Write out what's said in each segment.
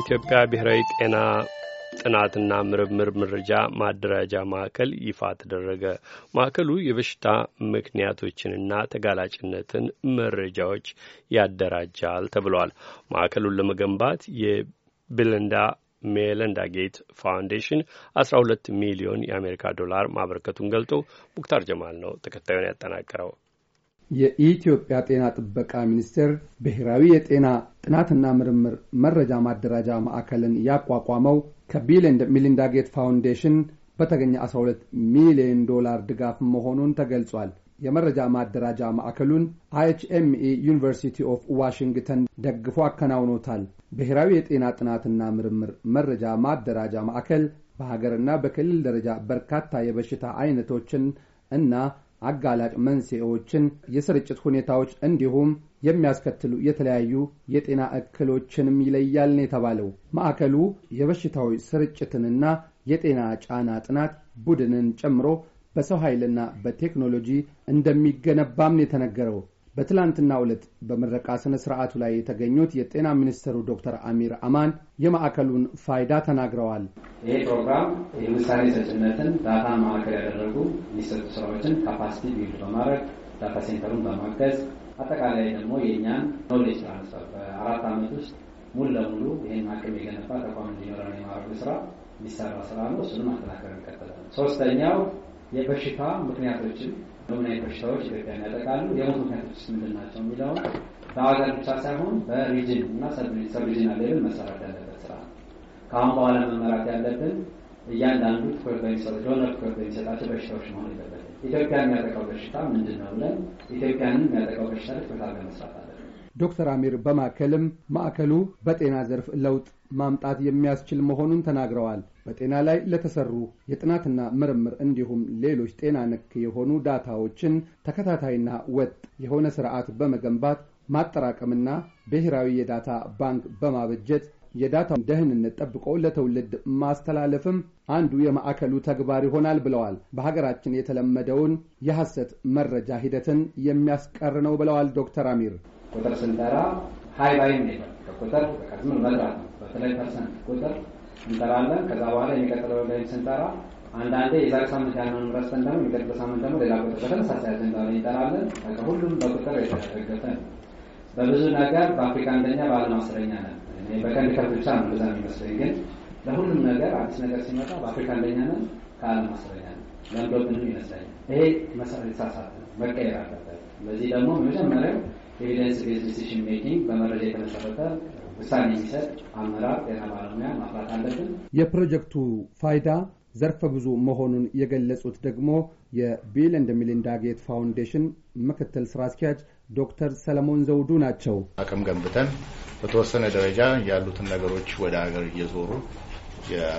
የኢትዮጵያ ብሔራዊ ጤና ጥናትና ምርምር መረጃ ማደራጃ ማዕከል ይፋ ተደረገ። ማዕከሉ የበሽታ ምክንያቶችንና ተጋላጭነትን መረጃዎች ያደራጃል ተብሏል። ማዕከሉን ለመገንባት የብልንዳ ሜለንዳ ጌት ፋውንዴሽን 12 ሚሊዮን የአሜሪካ ዶላር ማበረከቱን ገልጦ ሙክታር ጀማል ነው ተከታዩን ያጠናቀረው። የኢትዮጵያ ጤና ጥበቃ ሚኒስቴር ብሔራዊ የጤና ጥናትና ምርምር መረጃ ማደራጃ ማዕከልን ያቋቋመው ከቢል ሚሊንዳ ጌት ፋውንዴሽን በተገኘ 12 ሚሊዮን ዶላር ድጋፍ መሆኑን ተገልጿል። የመረጃ ማደራጃ ማዕከሉን አይኤችኤምኢ ዩኒቨርሲቲ ኦፍ ዋሽንግተን ደግፎ አከናውኖታል። ብሔራዊ የጤና ጥናትና ምርምር መረጃ ማደራጃ ማዕከል በሀገርና በክልል ደረጃ በርካታ የበሽታ አይነቶችን እና አጋላጭ መንስኤዎችን፣ የስርጭት ሁኔታዎች እንዲሁም የሚያስከትሉ የተለያዩ የጤና እክሎችንም ይለያል ነው የተባለው። ማዕከሉ የበሽታዎች ስርጭትንና የጤና ጫና ጥናት ቡድንን ጨምሮ በሰው ኃይልና በቴክኖሎጂ እንደሚገነባም ነው የተነገረው። በትላንትናው ዕለት በምረቃ ስነ ስርዓቱ ላይ የተገኙት የጤና ሚኒስትሩ ዶክተር አሚር አማን የማዕከሉን ፋይዳ ተናግረዋል። ይህ ፕሮግራም የምሳሌ ሰጭነትን ዳታ ማዕከል ያደረጉ የሚሰጡ ስራዎችን ካፓሲቲ ቢልድ በማድረግ ዳታ ሴንተሩን በማገዝ አጠቃላይ ደግሞ የእኛን ኖሌጅ ትራንስፈር በአራት ዓመት ውስጥ ሙሉ ለሙሉ ይህን አቅም የገነባ ተቋም እንዲኖረን የማድረጉ ስራ የሚሰራ ስራ ነው። እሱንም አጠናከር እንቀጥላለን። ሶስተኛው የበሽታ ምክንያቶችን በምን በሽታዎች ኢትዮጵያ ያጠቃሉ፣ የሞት ምክንያቶች ምንድን ናቸው የሚለውን በሀገር ብቻ ሳይሆን በሪጅን እና ሰብሪጅናል ሌብል መሰራት ያለበት ስራ ነው። ከአሁን በኋላ መመራት ያለብን እያንዳንዱ ትኩረት በሚሰጥ ለሆነ ትኩረት በሚሰጣቸው በሽታዎች መሆን የለበትም። ኢትዮጵያ የሚያጠቃው በሽታ ምንድን ነው ብለን ኢትዮጵያንን የሚያጠቃው በሽታ ላይ ትኩረት አድርገን መስራት አለብን። ዶክተር አሚር በማከልም ማዕከሉ በጤና ዘርፍ ለውጥ ማምጣት የሚያስችል መሆኑን ተናግረዋል። በጤና ላይ ለተሰሩ የጥናትና ምርምር እንዲሁም ሌሎች ጤና ነክ የሆኑ ዳታዎችን ተከታታይና ወጥ የሆነ ስርዓት በመገንባት ማጠራቀምና ብሔራዊ የዳታ ባንክ በማበጀት የዳታውን ደህንነት ጠብቆ ለትውልድ ማስተላለፍም አንዱ የማዕከሉ ተግባር ይሆናል ብለዋል። በሀገራችን የተለመደውን የሐሰት መረጃ ሂደትን የሚያስቀር ነው ብለዋል ዶክተር አሚር። ቁጥር ስንጠራ ሀይ ባይ ቁጥር በተለይ ፐርሰንት ቁጥር እንጠራለን። ከዛ በኋላ የሚቀጥለው ላይ ስንጠራ አንዳንዴ የዛ ሳምንት ያለውን ረስተን ደግሞ የሚቀጥለው ሳምንት ደግሞ ሌላ ቁጥር በተመሳሳይ አጀንዳ ላይ እንጠራለን። ሁሉም በቁጥር የተደገፈ ነው። በብዙ ነገር በአፍሪካ አንደኛ በዓለም አስረኛ ነን። በቀንድ ከብት ብቻ ነው እንደዛ የሚመስለኝ፣ ግን ለሁሉም ነገር አዲስ ነገር ሲመጣ በአፍሪካ አንደኛ ነን፣ ከዓለም አስረኛ ነን። ለምዶብንም ይመስለኛል። ይሄ መሰረት የተሳሳተ መቀየር አለበት። በዚህ ደግሞ መጀመሪያው ኤቪደንስ ቤዝ ዲሲሽን ሜኪንግ በመረጃ የተመሰረተ ውሳኔ የሚሰጥ አመራር ጤና ባለሙያ ማፍራት አለብን። የፕሮጀክቱ ፋይዳ ዘርፈ ብዙ መሆኑን የገለጹት ደግሞ የቢል ኤንድ ሚሊንዳ ጌት ፋውንዴሽን ምክትል ስራ አስኪያጅ ዶክተር ሰለሞን ዘውዱ ናቸው። አቅም ገንብተን በተወሰነ ደረጃ ያሉትን ነገሮች ወደ ሀገር እየዞሩ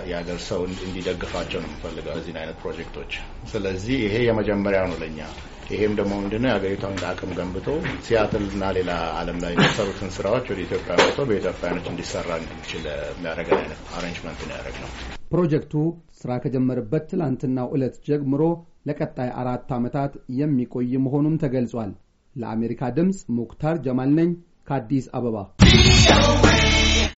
የሀገር ሰው እንዲደግፋቸው ነው የምፈልገው እዚህን አይነት ፕሮጀክቶች። ስለዚህ ይሄ የመጀመሪያው ነው ለእኛ ይሄም ደግሞ ነው የሀገሪቷን አቅም ገንብቶ ሲያትል እና ሌላ ዓለም ላይ የሚሰሩትን ስራዎች ወደ ኢትዮጵያ መጥቶ በኢትዮጵያኖች እንዲሰራ እንዲችል የሚያደረገን አይነት አሬንጅመንት ነው ነው። ፕሮጀክቱ ስራ ከጀመረበት ትላንትናው ዕለት ጀምሮ ለቀጣይ አራት ዓመታት የሚቆይ መሆኑም ተገልጿል። ለአሜሪካ ድምፅ ሙክታር ጀማል ነኝ ከአዲስ አበባ።